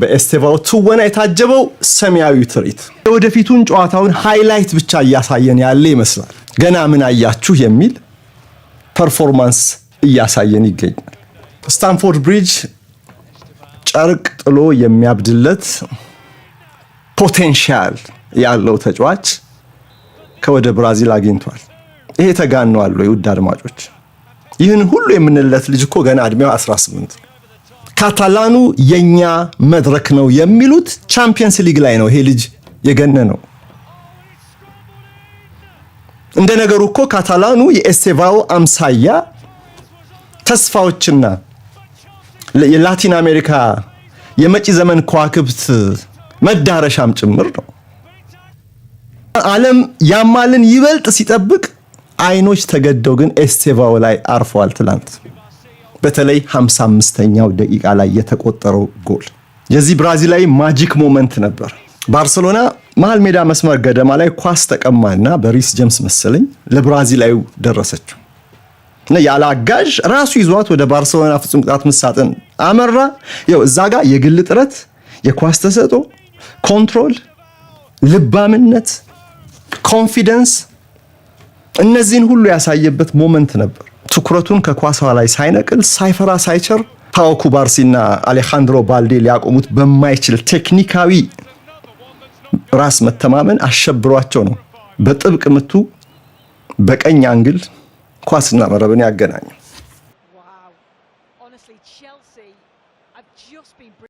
በኤስቴቫኦ ትወና የታጀበው ሰማያዊ ትርኢት የወደፊቱን ጨዋታውን ሃይላይት ብቻ እያሳየን ያለ ይመስላል። ገና ምን አያችሁ የሚል ፐርፎርማንስ እያሳየን ይገኛል። ስታንፎርድ ብሪጅ ጨርቅ ጥሎ የሚያብድለት ፖቴንሻል ያለው ተጫዋች ከወደ ብራዚል አግኝቷል። ይሄ ተጋኗል ወይ? ውድ አድማጮች፣ ይህን ሁሉ የምንለት ልጅ እኮ ገና እድሜው 18 ካታላኑ የኛ መድረክ ነው የሚሉት ቻምፒየንስ ሊግ ላይ ነው። ይሄ ልጅ የገነ ነው። እንደ ነገሩ እኮ ካታላኑ የኤስቴቫው አምሳያ ተስፋዎችና የላቲን አሜሪካ የመጪ ዘመን ከዋክብት መዳረሻም ጭምር ነው። ዓለም ያማልን ይበልጥ ሲጠብቅ አይኖች ተገደው ግን ኤስቴቫው ላይ አርፈዋል ትላንት በተለይ 55ኛው ደቂቃ ላይ የተቆጠረው ጎል የዚህ ብራዚላዊ ማጂክ ሞመንት ነበር። ባርሴሎና መሀል ሜዳ መስመር ገደማ ላይ ኳስ ተቀማና በሪስ ጀምስ መሰለኝ ለብራዚላዊ ደረሰችው እና ያለ አጋዥ ራሱ ይዟት ወደ ባርሴሎና ፍጹም ቅጣት ምት ሳጥን አመራ። ያው እዛ ጋር የግል ጥረት፣ የኳስ ተሰጦ፣ ኮንትሮል፣ ልባምነት፣ ኮንፊደንስ እነዚህን ሁሉ ያሳየበት ሞመንት ነበር። ትኩረቱን ከኳሷ ላይ ሳይነቅል ሳይፈራ ሳይቸር ታዎ ኩባርሲና አሌሃንድሮ ባልዴ ሊያቆሙት በማይችል ቴክኒካዊ ራስ መተማመን አሸብሯቸው ነው በጥብቅ ምቱ በቀኝ አንግል ኳስና መረብን ያገናኘው።